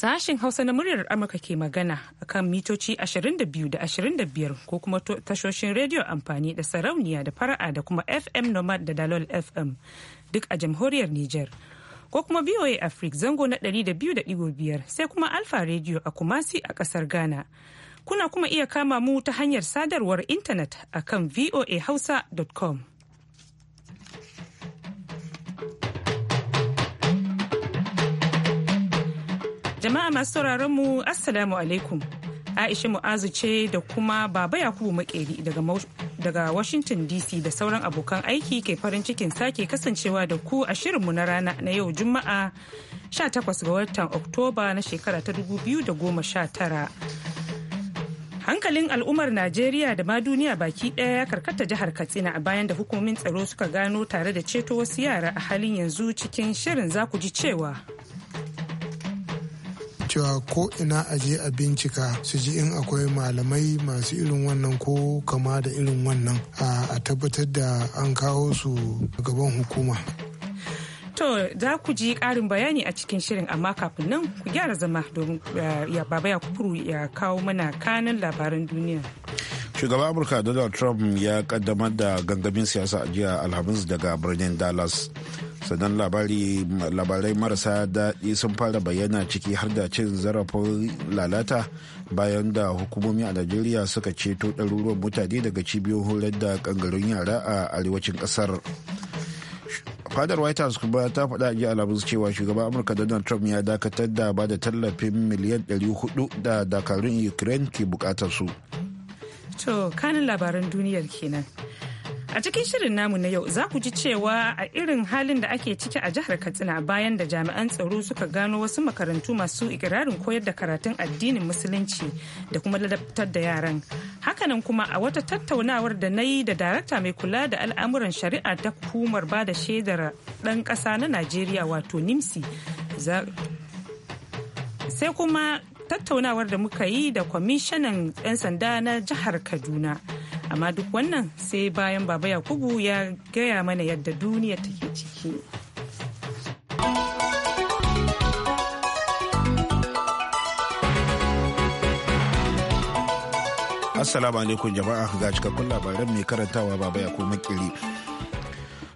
Sashen Hausa na muryar Amurka ke magana kan mitoci 22 da 25 ko kuma tashoshin rediyo amfani da sarauniya da fara'a da kuma FM Nomad da Dalol FM duk a jamhuriyar Nijar. Ko kuma BOA Africa zango na 200.5 sai kuma Alfa rediyo a Kumasi a kasar Ghana. Kuna kuma iya kama mu ta hanyar sadarwar intanet a kan voahausa.com. Jama'a masu sauraron mu Assalamu alaikum. Aisha Mu'azu ce da kuma Baba Yakubu Makeri daga Washington DC da sauran abokan aiki ke farin cikin sake kasancewa da ku a shirinmu na rana na yau Juma'a 18 ga watan Oktoba na shekara ta 2019. Hankalin al'ummar Najeriya da ma duniya baki ɗaya ya karkata jihar Katsina a bayan da hukumomin tsaro suka gano tare da ceto wasu yara a halin yanzu cikin shirin za ku ji cewa cewa ko ina a je a bincika su ji in akwai malamai masu irin wannan ko kama da irin wannan a tabbatar da an kawo su gaban hukuma To za ku ji karin bayani a cikin shirin amma kafin nan ku gyara zama domin eh, ya baba ya kufuru ya kawo mana kanan labaran duniya. Shugaban Amurka Donald Trump ya kaddamar da gangamin siyasa a jiya Alhamis daga birnin Dallas. sannan labarai marasa daɗi sun fara bayyana ciki har da cin zarafin lalata bayan da hukumomi a najeriya suka ceto ɗaruruwan mutane daga cibiyoyin horar da ƙangarun yara a arewacin ƙasar fadar white house kuma ta faɗa ji alamun cewa shugaban amurka donald trump ya dakatar da ba da tallafin miliyan 400 da dakarun ukraine ke bukatar su to kanin labaran duniyar kenan A cikin shirin namu na yau za ku ji cewa a irin halin da ake ciki a jihar Katsina bayan da jami'an tsaro suka gano wasu makarantu masu ikirarin koyar da karatun addinin musulunci da kuma ladabtar da yaran. Hakanan kuma a wata tattaunawar da na yi da darakta mai kula da al'amuran shari'a ta hukumar ba da shaidar ɗan ƙasa na Najeriya wato NIMSI. Sai kuma tattaunawar da muka yi da kwamishinan 'yan sanda na jihar Kaduna. amma duk wannan sai bayan baba yakubu ya gaya mana yadda duniya take ciki assalamu alaikum jama'a ga cikakkun labaran mai karantawa baba yakubu makiri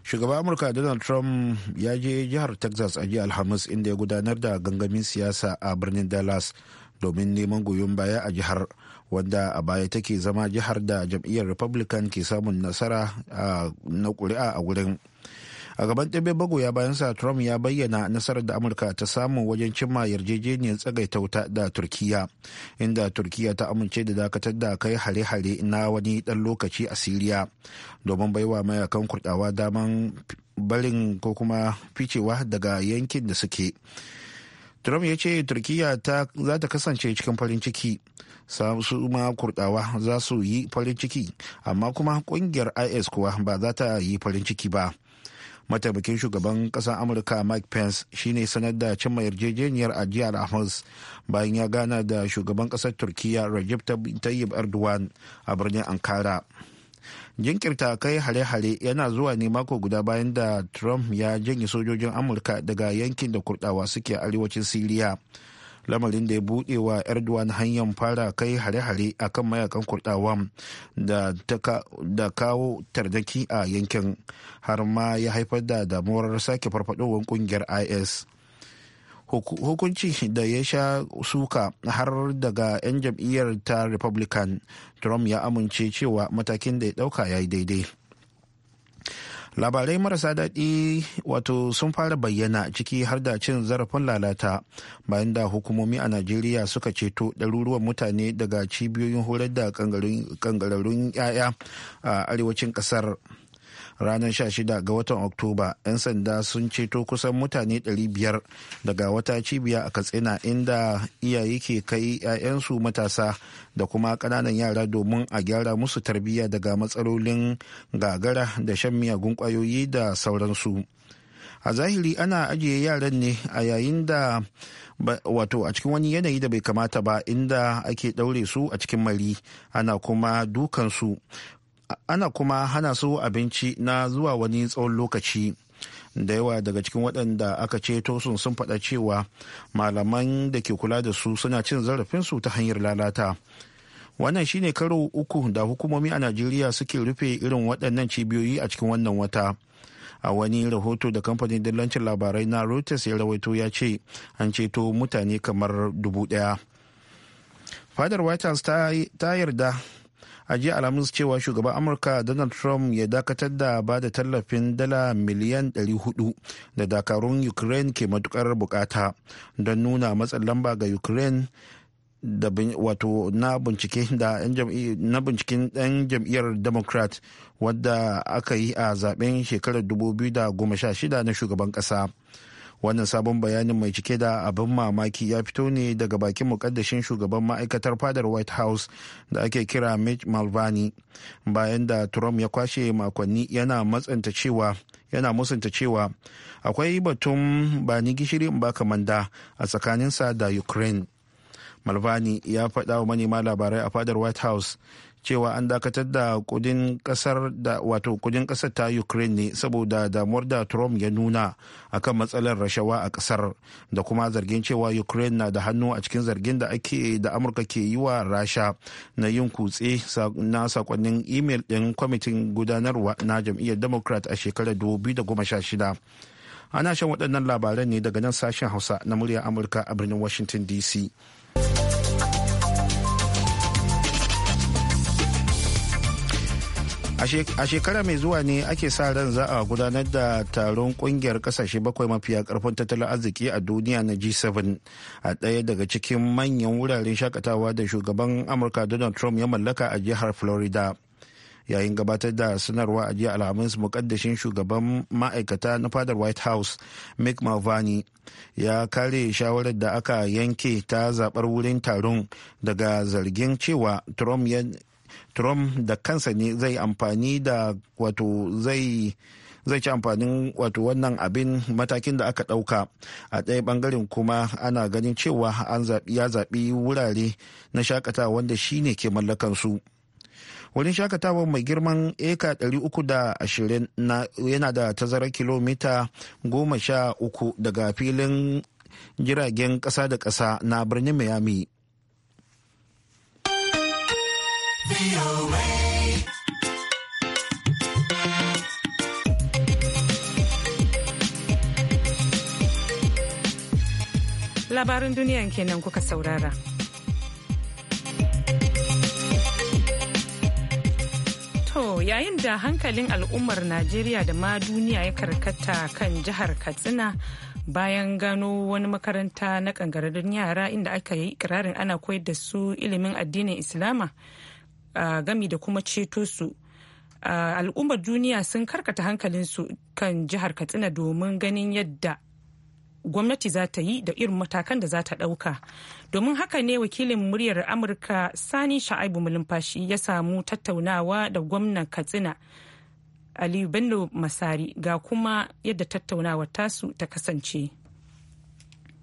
shugaban amurka donald trump ya je jihar texas a jiya alhamis inda ya gudanar da gangamin siyasa a birnin dallas domin neman goyon baya a jihar wanda a baya take zama jihar da jam'iyyar republican ke samun nasara na kuri'a a wurin a gaban ɗabe magoya bayan sa trump ya bayyana nasarar da amurka ta samu wajen cimma yarjejeniyar tsagaita wuta da turkiya inda turkiya ta amince da dakatar da kai hare-hare na wani ɗan lokaci a siriya domin baiwa mayakan kurdawa daman barin ko kuma ficewa daga yankin da suke trump ya ce turkiyya za ta kasance cikin farin ciki su ma kurdawa za su yi farin ciki amma kuma kungiyar is kuwa ba za ta yi farin ciki ba mataimakin shugaban ƙasar amurka mike pence shine sanar da cimma yarjejeniyar a da bayan ya gana da shugaban ƙasar turkiyya Recep tayyip erdogan a birnin ankara jinkirta kai hare-hare yana zuwa ne mako guda bayan da trump ya janye sojojin amurka daga yankin da kurdawa suke arewacin siriya lamarin da ya buɗe wa erdogan hanyar fara kai hare-hare a kan mayakan kurdawa da kawo tardaki a yankin har ma ya haifar da damuwar sake farfadowar kungiyar is hukunci da ya sha suka har daga 'yan jam'iyyar ta republican trump ya amince cewa matakin da ya dauka ya yi daidai labarai marasa daɗi wato sun fara bayyana ciki har da cin zarafin lalata bayan da hukumomi a najeriya suka ceto ɗaruruwan mutane daga cibiyoyin horar da kangararrun 'ya'ya a arewacin ƙasar. ranar 16 ga watan oktoba 'yan sanda sun ceto kusan mutane 500 daga wata cibiya a katsina inda iyaye ke kai 'ya'yansu matasa da kuma kananan yara domin a gyara musu tarbiyya daga matsalolin gagara da shan miyagun kwayoyi da sauransu a zahiri ana ajiye yaran ne a yayin da wato a cikin wani yanayi da bai kamata ba inda ake daure su a cikin mari ana kuma dukansu ana kuma hana su abinci na zuwa wani tsawon lokaci da yawa daga cikin waɗanda aka ceto sun sun faɗa cewa malaman da ke kula da su suna cin zarafinsu ta hanyar lalata wannan shine karo uku da hukumomi a najeriya suke rufe irin waɗannan cibiyoyi a cikin wannan wata a wani rahoto da kamfanin dillancin labarai na reuters ya rawaito ya ce an ceto mutane kamar dubu ɗaya fadar white house ta yarda a jiya alhamis cewa shugaban amurka donald trump ya dakatar da ba da tallafin dala miliyan 400 da dakarun ukraine ke matukar bukata don nuna matsin lamba ga ukraine da wato na binciken ɗan jam'iyyar democrat wadda aka yi a zaben shekarar 2016 na shugaban kasa. wannan sabon bayanin mai cike da abin mamaki ya fito ne daga bakin mukaddashin shugaban ma'aikatar fadar white house da ake kira mitch malvani bayan da trump ya kwashe makonni yana matsanta cewa yana musanta cewa akwai batun ba ni gishiri in baka manda a tsakaninsa da ukraine malvani ya faɗa wa manema labarai a fadar white house cewa an dakatar da kudin kasar da wato kudin kasar ta ukraine ne saboda damuwar da trump ya nuna akan matsalar rashawa a kasar da kuma zargin cewa ukraine na da hannu a cikin zargin da ake da amurka ke yi wa rasha na yin kutse na sakonnin imel din kwamitin gudanarwa na jam'iyyar democrat a shekarar 2016 ana shan waɗannan labaran ne daga nan sashen hausa na murya amurka a birnin washington dc a shekara mai zuwa ne ake sa ran za a gudanar da taron kungiyar kasashe bakwai mafiya karfin tattalin arziki a duniya na g7 a ɗaya daga cikin manyan wuraren shakatawa da shugaban amurka donald trump ya mallaka a jihar florida yayin gabatar da sanarwa a jiya alhamis mukaddashin shugaban ma'aikata na fadar white house mick mulvaney ya kare shawarar da aka yanke ta zabar wurin taron daga zargin cewa trump trump da kansa ne zai amfani da wato zai zai ci amfanin wato wannan abin matakin da aka ɗauka a ɗaya ɓangaren kuma ana ganin cewa an ya zaɓi wurare na shakata wanda shi ne ke mallakansu wurin shakatawa mai girman eka 320 yana da tazarar kilomita 13 daga filin jiragen ƙasa da ƙasa na birnin miami Labarin duniya kenan kuka saurara. To yayin da hankalin al'ummar Najeriya da ma duniya ya karkata kan jihar Katsina bayan gano wani makaranta na kangararrun yara inda aka yi ikirarin ana koyar da su ilimin addinin Islama. gami da kuma ceto su al'ummar duniya sun karkata hankalinsu kan jihar katsina domin ganin yadda gwamnati za ta yi da irin matakan da za ta ɗauka domin haka ne wakilin muryar amurka sani sha'aibu mulumfashi ya samu tattaunawa da gwamnan katsina aliyu bello masari ga kuma yadda tattaunawa tasu ta kasance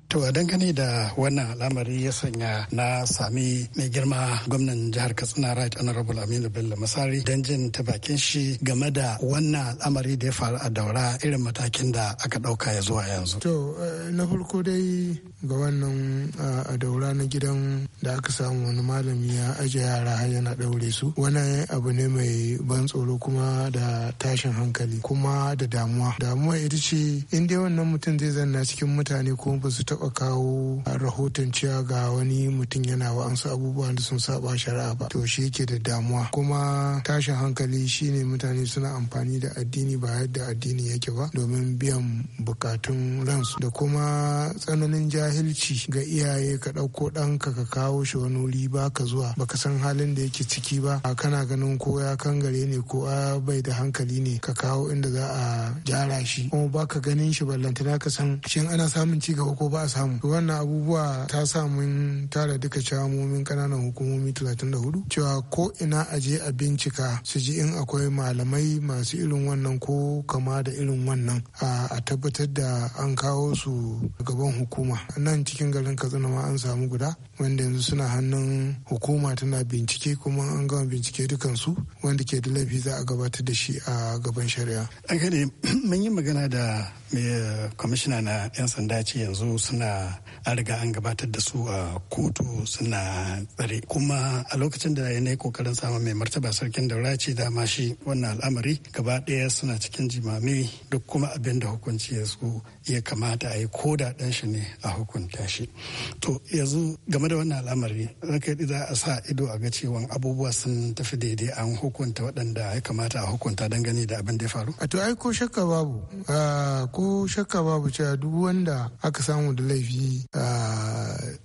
To a dangane da wannan al'amari ya sanya na sami mai girma gwamnan jihar Katsina Right Honorable Aminu Bello Masari don jin ta bakin shi game da wannan al'amari da ya faru a daura irin matakin da aka ɗauka ya zuwa yanzu. To eh, na farko dai ga wannan eh, a daura na gidan da aka samu wani malami ya aje yara har yana ɗaure su wani abu ne mai ban tsoro kuma da tashin hankali kuma da damuwa. Damuwa ita ce in dai wannan mutum zai zanna cikin mutane ko ba su ta. taɓa kawo rahoton cewa ga wani mutum yana wa'ansu abubuwan da sun saba shari'a ba to shi yake da damuwa kuma tashin hankali shine mutane suna amfani da addini ba yadda addini yake ba domin biyan bukatun ransu da kuma tsananin jahilci ga iyaye ka ɗauko ɗanka ka kawo shi wani wuri ba ka zuwa baka san halin da yake ciki ba kana ganin ko ya kangare ne ko a bai da hankali ne ka kawo inda za a jara shi kuma baka ganin shi ballantana ka san shin ana samun ci gaba ko ba a samu wannan abubuwa ta sa mun tara duka shawamomin kananan hukumomi 34 cewa ko ina a je a bincika su ji in akwai malamai masu irin wannan ko kama da irin wannan a tabbatar da an kawo su gaban hukuma nan cikin garin katsina ma an samu guda wanda yanzu suna hannun hukuma tana bincike kuma an gama bincike dukansu wanda ke da laifi za a gabatar da shi a gaban shari'a. an mun yi magana da eh, kwamishina na 'yan sanda ce yanzu suna suna an riga an gabatar da su a kotu suna tsare kuma a lokacin da ya yi kokarin samun mai martaba sarkin daura ce dama shi wannan al'amari gaba ɗaya suna cikin jimami duk kuma abin da hukunci ya su ya kamata a yi ko da ɗan shi ne a hukunta shi to yanzu game da wannan al'amari kai za a sa ido a ga cewa abubuwa sun tafi daidai an hukunta waɗanda ya kamata a hukunta dangane gani da abin da ya faru. a to ai ko shakka babu ah, ko shakka babu cewa duk wanda aka samu da laifi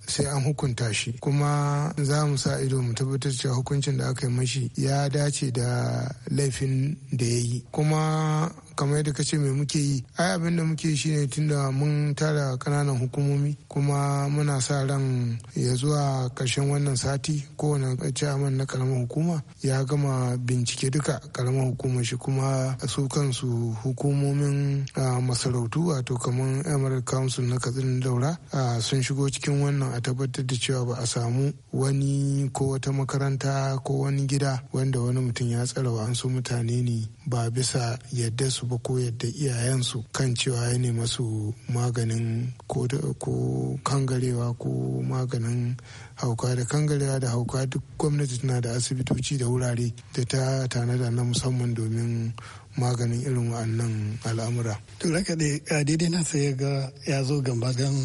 sai an hukunta shi kuma za mu sa ido mu tabbatar cewa hukuncin da aka yi mashi ya dace da laifin da ya yi kuma kamar yadda kace me muke yi ai abin da muke yi shine tunda mun tara kananan hukumomi kuma muna sa ran ya zuwa karshen wannan sati wani chairman na karamar hukuma ya gama bincike duka karamar hukumar shi kuma su kansu hukumomin masarautu wato kamar emirate council na katsirin daura sun shigo cikin wannan a tabbatar da cewa ba a samu wani ko wata makaranta ko wani gida wanda wani mutum ya tsara wa an so mutane ne ba bisa yadda su su ba ko yadda iyayensu kan cewa ya nema su maganin ko kangarewa ko maganin hauka da kangarewa da hauka duk gwamnati tana da asibitoci da wurare da ta tanada na musamman domin maganin irin wa'annan al'amura. To raka daidai na sai ga ya zo gamba gambagan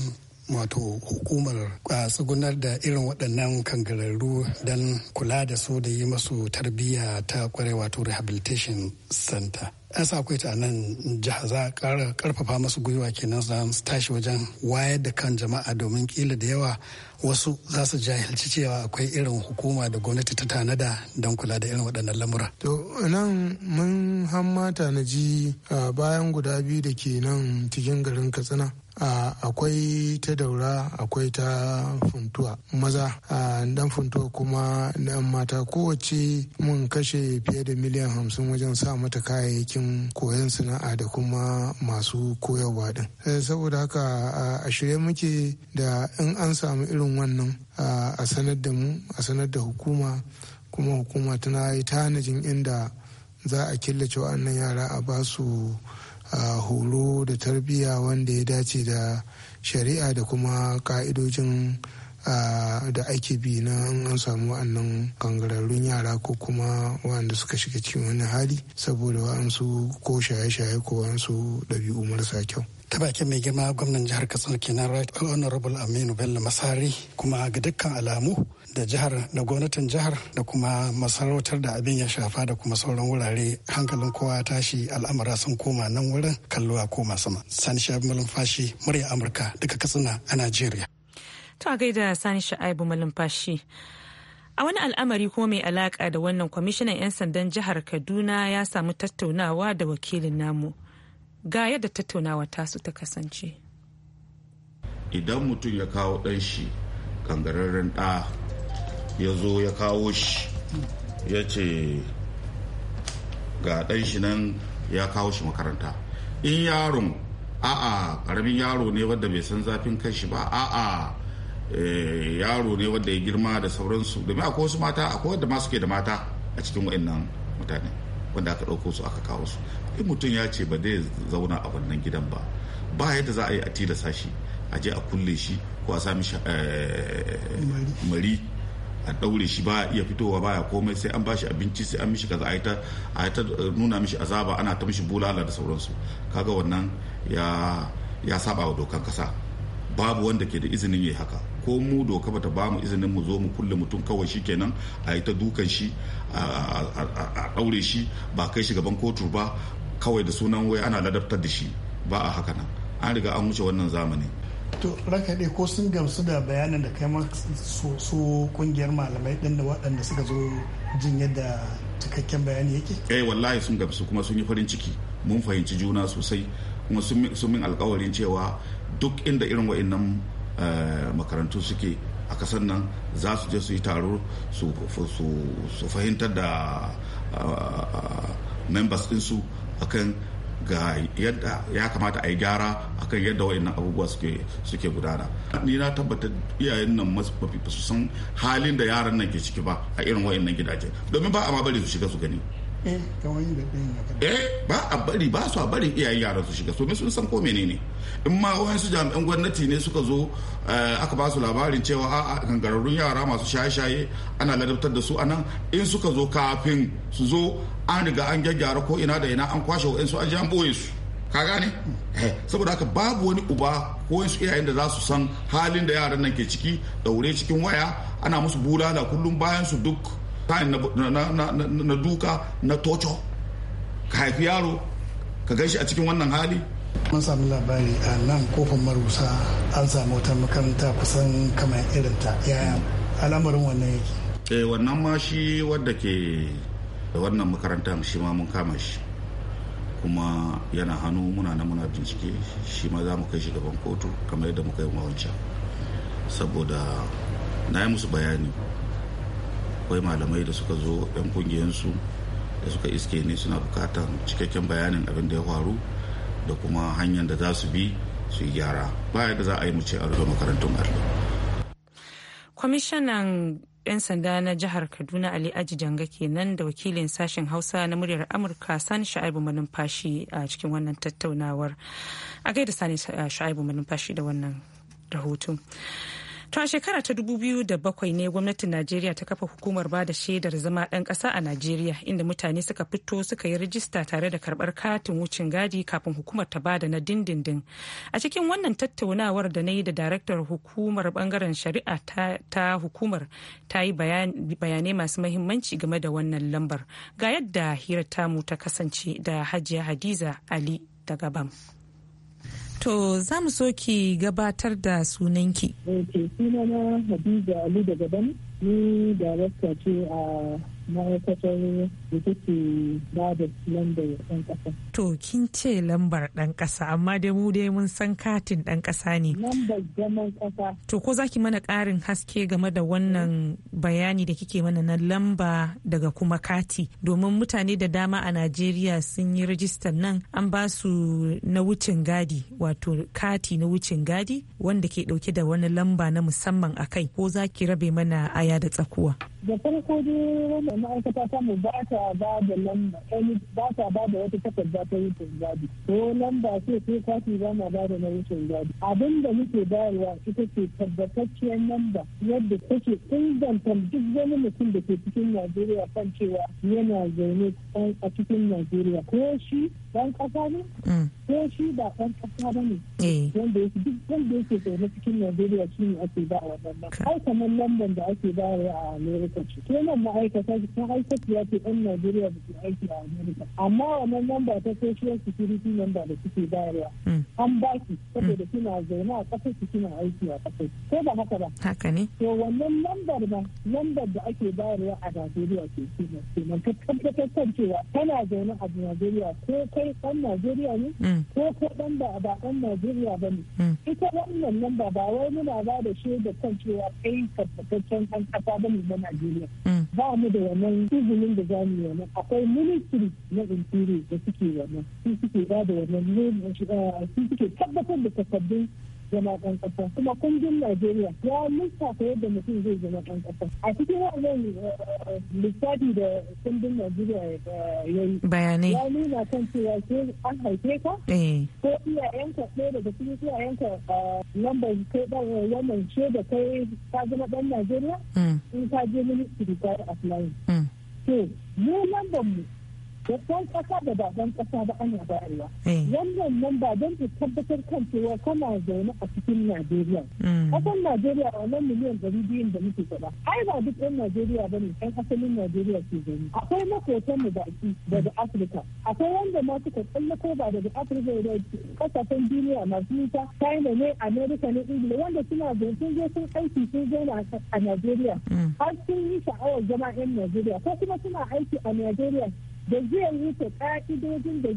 wato hukumar tsugunar da irin waɗannan kangararru don kula da su da yi masu tarbiyya ta kware wato rehabilitation center an sa akwai a nan jiha za a karfafa masu gwiwa kenan za su tashi wajen wayar da kan jama'a domin kila da yawa wasu za su jahilci cewa akwai irin hukuma da gwamnati ta tanada don kula da irin waɗannan lamura. to nan mun hammata na ji bayan guda biyu da ke nan cikin garin katsina akwai ta daura akwai ta funtuwa maza dan funtuwa kuma na mata kowace mun kashe fiye da miliyan hamsin wajen sa mata kayayyakin koyon sana'a da kuma masu koyarwa din eh, saboda haka a shirye muke da in an samu irin wannan a sanar da mu a sanar da hukuma kuma hukuma tana yi tanajin inda za a killace wa'annan yara a basu horo da tarbiyya wanda ya dace da shari'a da kuma ka'idojin da ake bi na an samu wa'annan kangararrun yara ko kuma wa'anda suka shiga cikin wani hali saboda wa'ansu ko shaye-shaye ko wa'ansu ɗabi'u marasa kyau. ta bakin mai girma gwamnan jihar katsina kenan honorable aminu bello masari kuma ga dukkan alamu da jihar da gwamnatin jihar da kuma masarautar da abin ya shafa da kuma sauran wurare hankalin kowa tashi al'amura sun koma nan wurin kallo a koma sama sani sha'ibu malumfashi murya amurka daga katsina a najeriya to a gaida sani sha'ibu malumfashi a wani al'amari kuma mai alaka da wannan kwamishinan 'yan sandan jihar kaduna ya samu tattaunawa da wakilin namu ga yadda tattaunawa tasu ta kasance idan mutum ya kawo ɗan shi kangararren ɗa ya zo ya kawo shi ya ce ga ɗan shi nan ya kawo shi makaranta in yaron a'a ƙaramin yaro ne wadda bai san zafin kanshi ba a'a eh, yaro ne wadda ya girma da sauransu domin akwai wasu mata akwai wadda masu ke da mata a cikin wa'annan mutane wanda aka ɗauko su aka kawo su in mutum ya ce ba zai zauna a wannan gidan ba ba yadda za a yi a tilasa shi a je a kulle shi ko a sa mishi eh, mari a daure shi ba iya fitowa baya komai sai an bashi abinci sai an mishi kaza a ta ta nuna mishi azaba ana ta mishi bulala da sauransu kaga wannan ya ya saba wa dokan kasa babu wanda ke da izinin yi haka ko mu doka bata ba mu izinin mu zo mu kulle mutum kawai shi kenan a yi ta dukan shi a daure shi ba kai shi gaban kotu ba kawai da sunan wai ana ladabtar da shi ba a haka nan an riga an wuce wannan zamanin to raka dai ko sun gamsu da bayanin da kai su kungiyar malamai ɗin da waɗanda suka zo jin yadda cikakken bayani yake eh wallahi sun gamsu kuma sun yi farin ciki mun fahimci juna sosai kuma sun min alkawarin cewa duk inda irin wa'innan eh, makarantu suke a kasar nan za su je su yi taro su fahimtar da ah, ah, ah, members ɗinsu akan ga yadda ya kamata a yi gyara akan yadda wayannan abubuwa suke gudana ni na tabbatar iyayen nan ba su san halin da yaran nan ke ciki ba a irin wayannan gidaje domin ba a ma bari su shiga su gani Eh, eh ba a bari ba su a bari iyayen yaran su shiga domin sun san ko menene in ma wayansu jami'an gwamnati ne suka zo eh, aka ba su labarin cewa a gangararrun yara masu shaye-shaye ana ladabtar da su a nan in suka zo kafin su zo an riga an gyaggyara ko ina da ina an kwashe wa an ji an su ka gane hmm. eh, saboda haka babu wani uba ko wasu iyayen da za su san halin da yaran nan ke ciki daure cikin waya ana musu bulala kullum bayan su duk fine na duka na toco ka haifi yaro ka gaishe a cikin wannan hali mun sami labari a nan kofin marusa an samu wata makaranta kusan kamar irinta yaya al'amarin wannan yake eh wannan ma shi wadda ke da wannan makarantar shi ma mun kama shi kuma yana hannu muna na muna bincike shi ma za mu kai shi gaban kotu kamar yadda muka yi wancan saboda na yi musu bayani akwai malamai da suka zo 'yan kungiyarsu da suka iske ne suna bukatar cikakken bayanin abin da ya faru da kuma hanyar da za su bi su yi gyara ba yadda za a yi mu ce a rufe makarantun allo. kwamishinan 'yan sanda na jihar kaduna ali aji janga kenan da wakilin sashen hausa na muryar amurka sani sha'ibu manumfashi a cikin wannan tattaunawar a gaida sani eh, sha'ibu manumfashi da wannan rahoton To a shekara ta biyu da bakwai ne gwamnatin Najeriya ta kafa hukumar ba da shaidar zama ɗan ƙasa a Najeriya inda mutane suka fito suka yi rijista tare da karɓar katin wucin gadi kafin hukumar ta bada na dindindin. A cikin wannan tattaunawar da na yi da daraktar hukumar bangaren shari'a ta, hukumar ta yi bayanai masu mahimmanci game da wannan lambar. Ga yadda hirar tamu ta kasance da Hajiya Hadiza Ali daga BAM. To za mu so ki gabatar da sunanki. Ok, sunana Hadiza Ali daga Bani, ni darakta ce a ma'aikatar da take ba da lambar ɗan ƙasa. To kin ce lambar ɗan ƙasa amma dai mu dai mun san katin ɗan ƙasa ne. Lambar zaman ƙasa. To ko za ki mana ƙarin haske game da wannan bayani da kike mana na lamba daga kuma kati domin mutane da dama a Najeriya sun yi rajistar nan an ba su na wucin gadi wato kati na wucin gadi wanda ke ɗauke da wani lamba na musamman a kai ko za ki rabe mana aya da tsakuwa. Da farko dai ma'aikata ta mu ba ta ba da lamba ba ta ba da wata takarda ta wucin gadi ko lamba ce ko kati ba ma ba da na wucin gadi abin da muke bayarwa ita ce tabbatacciyar lamba yadda take inganta duk wani mutum da ke cikin najeriya kan cewa yana zaune a cikin najeriya ko shi dan kasa ne mm. ko shi ba ɗan ƙasa ba ne eh. wanda yake duk wanda yake cikin Najeriya shi ne ake ba wa wannan ai kamar lambar da ake ba a America ce ko nan ma'aikata ce ko ya ce ɗan Najeriya ba ke aiki a America amma wannan lamba ta social security number da suke bayarwa hmm. an ba ki hmm. saboda suna zaune a ƙasar su suna aiki a ƙasar ko ba haka ba haka ne to wannan lambar ba lambar da ake bayarwa a Najeriya ce kenan kenan ka tabbatar cewa kana zaune a Najeriya ko kai ɗan Najeriya ne hmm. ko ko dan ba ba dan Najeriya ba ne hmm. ita wannan nan ba ba wai muna ba da shi da kan cewa kai tabbataccen ɗan ƙasa ba ne na Najeriya hmm. ba mu da wannan izinin da zamu yi wannan akwai ministry na interior da suke wannan su suke ba da wannan ne eh, su suke tabbatar da takardun zama ɗan ƙasa kuma kundin najeriya ya lissafa yadda mutum zai zama ɗan ƙasa a cikin wannan eh, lissafi da kundin najeriya eh, ya yi bayanai ya nuna kan cewa ke an haife ka eh. ko iyayenka ɗaya daga cikin iyayenka lambar ke ɗan wannan ce da kai ka zama ɗan najeriya mm. in ka je ministry ka yi applying mm. to mu lambar mu babban kasa da baban kasa ba ana bayarwa eh. wannan nan ba don ta tabbatar kan cewa kana zaune a cikin najeriya kasan mm. najeriya wannan miliyan ɗari biyu da muke gaba ai ba duk yan najeriya ba ne yan asalin najeriya ke zaune akwai makotan mu baki daga afirka akwai wanda ma suka tsallako ba daga afirka dace kasashen duniya masu nisa china ne america ne ingila wanda suna zaune sun je sun aiki sun zauna a najeriya mm. har sun yi sha'awar zama yan najeriya ko kuma suna aiki a najeriya da zai wuce ka'idojin da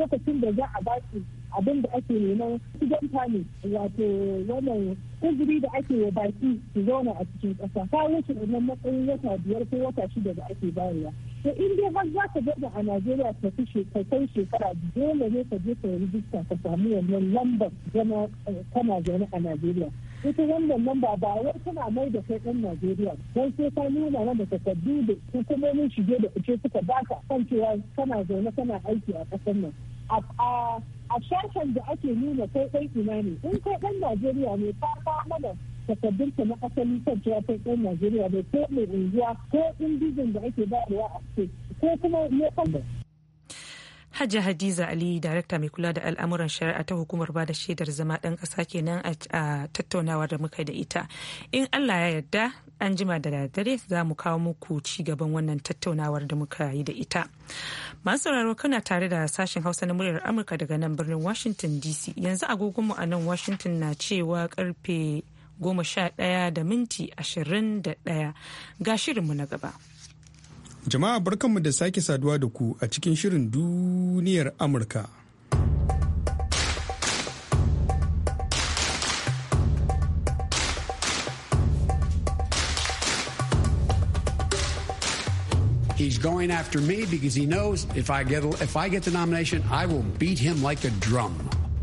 lokacin da za a ba su abin da ake neman shiganta ne wato wannan uzuri da ake wa baki su zauna a cikin ƙasa ta wuce wannan matsayin wata biyar ko wata shida da ake bayarwa to in har za ka gaba a najeriya ka fi shekarun shekara dole ne ka je ka rijista ka samu wannan lambar zama eh, kana zaune a najeriya ita wannan lamba ba wai tana mai da kai ɗan Najeriya don sai ka nuna nan da takardu da hukumomin shige da fice suka baka kan cewa kana zaune kana aiki a ƙasar nan a shashen da ake nuna kai ɗan ne in kai dan najeriya ne ta da mana ta na asali kan cewa kai ɗan najeriya ne ko mai unguwa ko indijin da ake bayarwa a ko kuma ne Hajji Hadiza Ali, darakta mai kula da al'amuran shari'a ta hukumar ba da shaidar zama ɗan ƙasa kenan a tattaunawar da muka yi da ita. In Allah ya yarda an jima da dare za mu kawo muku ci gaban wannan tattaunawar da muka yi da ita. Masu sauraro kana tare da sashen Hausa na muryar Amurka daga nan birnin Washington DC. Yanzu agogonmu a nan Washington na cewa karfe goma sha ɗaya da minti ashirin da ɗaya ga shirinmu na gaba. Jama'a barkanmu da sake saduwa da ku a cikin shirin du duniyar Amurka. He's going after me because he knows if I get if I get the nomination, I will beat him like a drum.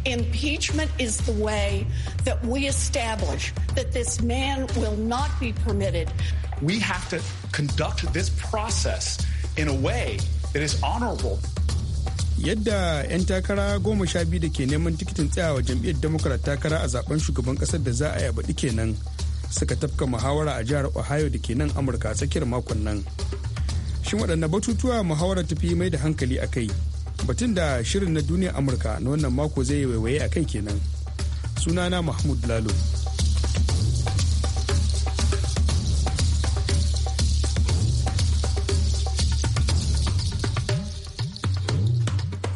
Impeachment is the way that we establish that this man will not be permitted. We have to conduct this process in a way that is honorable. yadda 'yan takara goma sha biyu da ke neman tikitin tsayawa jam'iyyar democrat takara a zaben shugaban kasar da za a yabaɗi kenan suka tafka muhawara a jihar ohio da ke nan amurka a tsakiyar makon nan shin waɗanne batutuwa muhawarar tafi mai da hankali a kai batun da shirin na duniya amurka na wannan mako zai yi waiwaye a kai kenan sunana mahmud lalo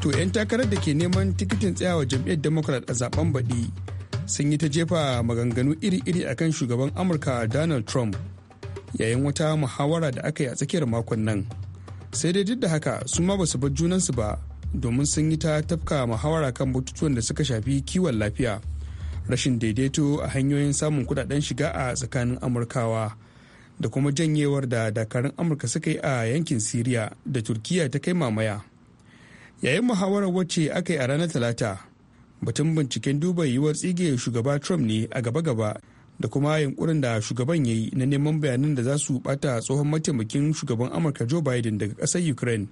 to 'yan takarar da ke neman tikitin tsayawa jam'iyyar democrat a zaben baɗi sun yi ta jefa maganganu iri-iri akan shugaban amurka donald trump yayin wata muhawara da aka yi a tsakiyar makon nan sai dai duk da haka su ma ba su bar junansu ba domin sun yi ta tafka muhawara kan batutuwan da suka shafi kiwon lafiya rashin daidaito a hanyoyin samun kudaden shiga a tsakanin amurkawa da kuma janyewar da dakarun amurka suka yi a yankin siriya da turkiya ta kai mamaya yayin muhawarar wacce aka yi a ranar talata batun binciken duba yiwuwar tsige shugaba trump ne a gaba-gaba da kuma yunkurin da shugaban ya yi na neman bayanan da za su bata tsohon mataimakin shugaban amurka joe biden daga ƙasar ukraine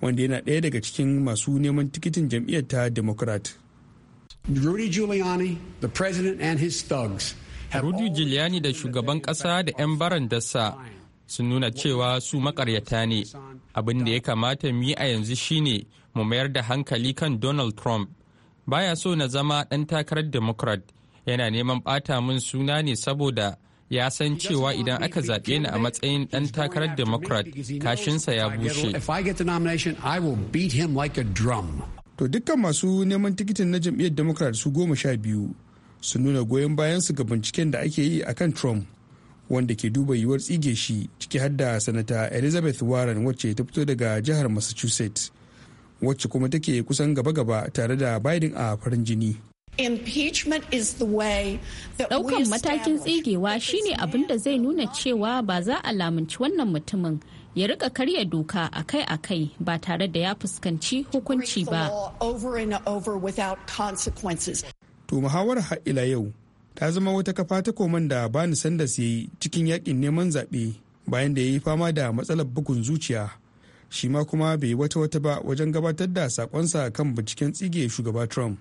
wanda yana ɗaya daga cikin masu neman tikitin jam'iyyar ta democrat rudy giuliani the president and his thugs Rudy Giuliani da shugaban ƙasa da 'yan baran dasa sun nuna cewa su makaryata ne. Abin da ya kamata mu yi a yanzu shine mu mayar da hankali kan Donald Trump. Baya so na zama ɗan takarar Democrat, yana neman ɓata min suna ne saboda ya san cewa idan aka zaɓe ni a matsayin ɗan takarar Democrat, kashinsa ya bushe. To dukkan masu neman tikitin na jam'iyyar Democrat su goma sha biyu su nuna goyon bayan su ga binciken da ake yi a kan Trump. wanda ke duba yiwuwar tsige shi ciki har da sanata elizabeth warren wacce ta fito daga jihar massachusetts wacce kuma take kusan gaba-gaba tare da Biden a farin jini. Daukan matakin tsigewa shine abin da zai nuna cewa ba za a lamunci wannan mutumin ya rika karya doka akai-akai ba tare da ya fuskanci hukunci ba. To muhawarar ila yau ta zama wata kafa ta koman da bani sanda ya yi cikin yakin neman zaɓe bayan da ya yi fama da matsalar bugun zuciya shi ma kuma bai wata wata ba wajen gabatar da sakonsa kan binciken tsige shugaba trump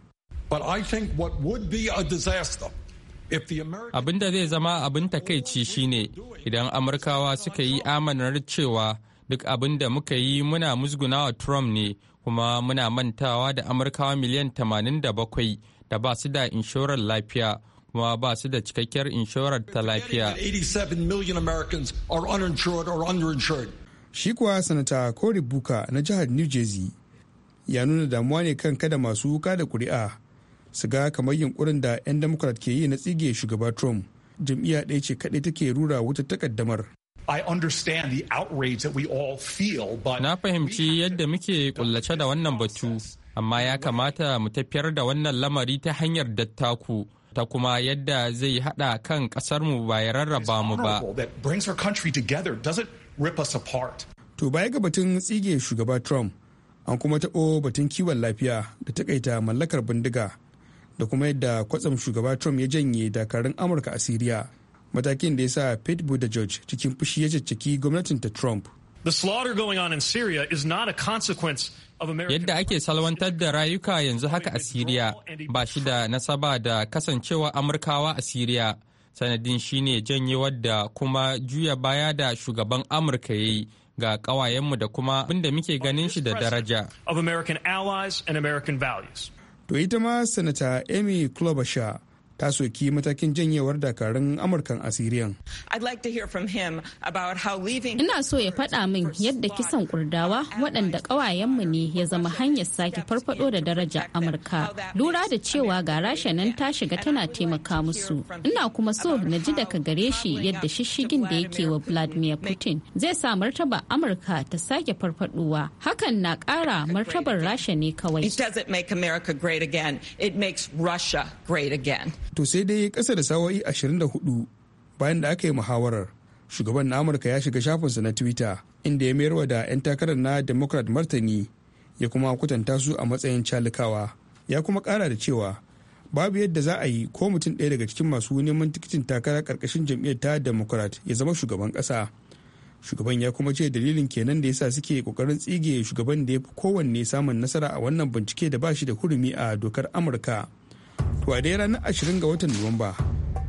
abin da zai zama abin takaici shine idan amurkawa suka yi amanar cewa duk abin da muka yi muna musgunawa trump ne kuma muna mantawa da amurkawa miliyan 87 da ba su da inshorar lafiya kuma ba su da cikakkiyar inshorar ta lafiya. shi kuwa sanata cory buka na jihar new jersey ya nuna damuwa ne kan kada masu wuka da kuri'a su ga kamar yunkurin da 'yan democrat ke yi na tsige shugaba trump jam'iyya ɗaya ce kaɗai take rura wata takaddamar na fahimci yadda muke kullace da wannan batu amma ya kamata mu tafiyar da wannan lamari ta hanyar dattaku ta kuma yadda zai haɗa kan ƙasarmu ba ya rarraba mu ba rip us apart. To baya ga batun tsige shugaba Trump, an kuma taɓo batun kiwon lafiya da takaita mallakar bindiga da kuma yadda kwatsam shugaba Trump ya janye dakarun Amurka a Siriya. Matakin da ya sa Pete Buttigieg cikin fushi ya cicciki gwamnatin ta Trump. The slaughter going on in Syria is not a consequence Yadda ake salwantar da rayuka yanzu haka a Siriya ba shi da nasaba da kasancewa Amurkawa a Siriya. sanadin shine janye wadda kuma juya baya da shugaban amurka ya yi ga kawayenmu da kuma abinda muke ganin shi da daraja to ita ma sanata amy klobuchar ta soki matakin janyewar dakarun amurkan asiriyan ina so ya faɗa min yadda kisan kurdawa waɗanda ƙawayenmu ne ya zama hanyar sake farfaɗo da daraja amurka lura da cewa ga rasha nan ta shiga tana taimaka musu ina kuma so na ji daga gare shi yadda shishigin da yake wa vladimir putin zai sa martaba amurka ta sake farfaɗowa hakan na ƙara martabar rasha ne kawai to sai dai kasa da sawa'i 24 bayan da aka yi muhawarar shugaban na amurka ya shiga shafinsa na twitter inda ya mayarwa da 'yan takarar na democrat martani ya kuma kutanta su a matsayin calikawa ya kuma kara da cewa babu yadda za a yi ko mutum ɗaya daga cikin masu neman tikitin takara karkashin jam'iyyar ta democrat ya zama shugaban ƙasa shugaban ya kuma ce dalilin kenan da ya sa suke kokarin tsige shugaban da ya fi kowanne samun nasara a wannan bincike da ba shi da hurumi a dokar amurka to a dai ranar 20 ga watan nuwamba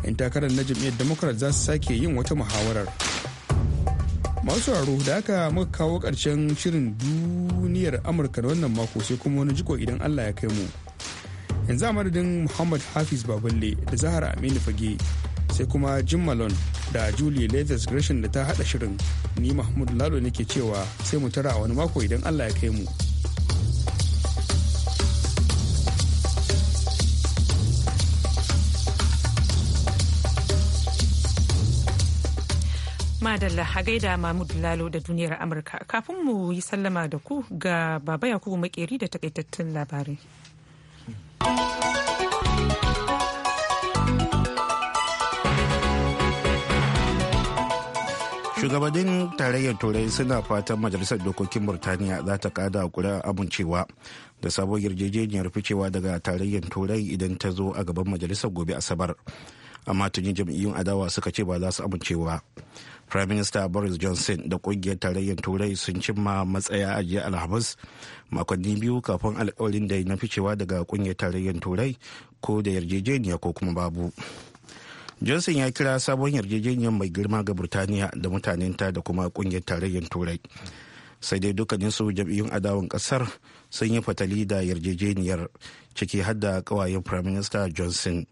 yan takarar na jam'iyyar democrat za su sake yin wata muhawarar masu sauraro da aka muka kawo ƙarshen shirin duniyar amurka da wannan mako sai kuma wani jiko idan allah ya kai mu yanzu a madadin muhammad hafiz baballe da zahara aminu fage sai kuma jim malone da julie leathers gresham da ta haɗa shirin ni mahmud lalo nake cewa sai mu tara a wani mako idan allah ya kai mu. Madalla a gaida Mahmud Lalo da duniyar Amurka. Kafin mu yi sallama da ku ga Baba Yakubu Makeri da takaitattun labarai. Shugabannin tarayyar Turai suna fatan Majalisar Dokokin Burtaniya za ta kada kura amincewa da sabon yarjejeniyar ficewa daga tarayyar Turai idan ta zo a gaban majalisar gobe Asabar. amma tuni jam'iyyun adawa suka ce ba za su amincewa prime minister boris johnson da kungiyar tarayyar turai sun cimma matsaya a jiya alhamis makonni biyu kafin alkawarin da na ficewa daga kungiyar tarayyar turai ko da yarjejeniya ko kuma babu johnson ya kira sabon yarjejeniyar mai girma ga burtaniya da mutanenta da kuma kungiyar tarayyar turai sai dai dukkanin su jam'iyyun adawan kasar sun yi fatali da yarjejeniyar ciki har da kawayen prime minister johnson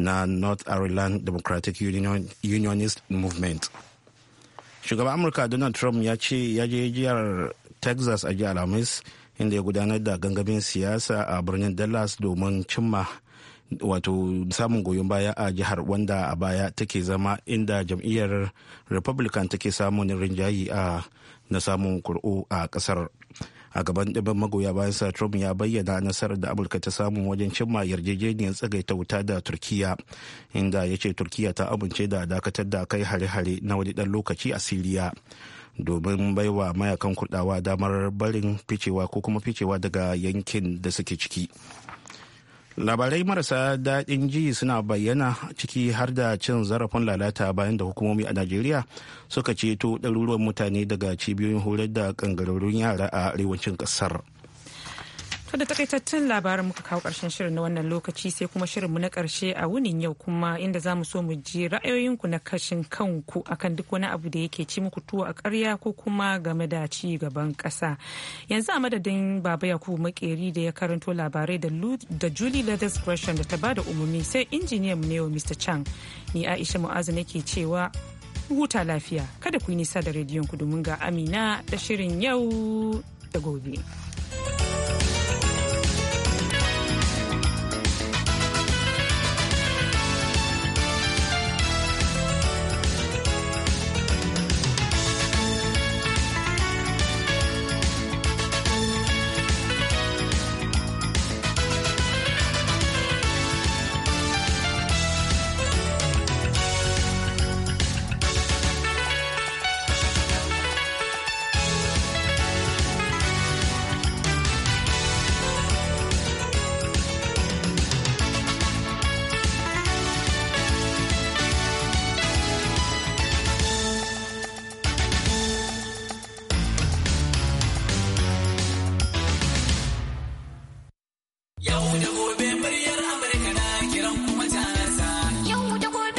na north ireland democratic unionist movement shugaban amurka donald trump ya ce ya je jihar texas a jiya alhamis inda ya gudanar da gangamin siyasa a birnin dallas domin cimma wato samun goyon baya a jihar wanda a baya take zama inda jam'iyyar republican take samun rinjayi a na samun kur'u a kasar a gaban ɗiban magoya bayan sa trump ya bayyana nasarar da amurka ta samu wajen cimma yarjejeniyar tsagaita wuta da turkiya inda ya ce turkiya ta amince da dakatar da kai hare-hare na wani ɗan lokaci a siriya domin baiwa mayakan kudawa damar barin ficewa ko kuma ficewa daga yankin da suke ciki labarai marasa daɗin ji suna bayyana ciki har da cin zarafin lalata bayan da hukumomi a najeriya suka ceto ɗaruruwan mutane daga cibiyoyin horar da ƙangarorin yara a arewacin ƙasar. To da takaitattun labarin muka kawo karshen shirin na wannan lokaci sai kuma shirinmu na karshe a wunin yau kuma inda za mu so mu ji ra'ayoyinku na kashin kanku akan duk wani abu da yake ci muku tuwo a ƙarya ko kuma game da ci gaban ƙasa. Yanzu a madadin Baba Yakubu Makeri da ya karanto labarai da Julie Leathers Gresham da ta ba da umarni sai injiniyan mu ne Mr. Chang. Ni Aisha Mu'azu nake cewa huta lafiya kada ku yi nisa da rediyon ku domin ga Amina da shirin yau da gobe.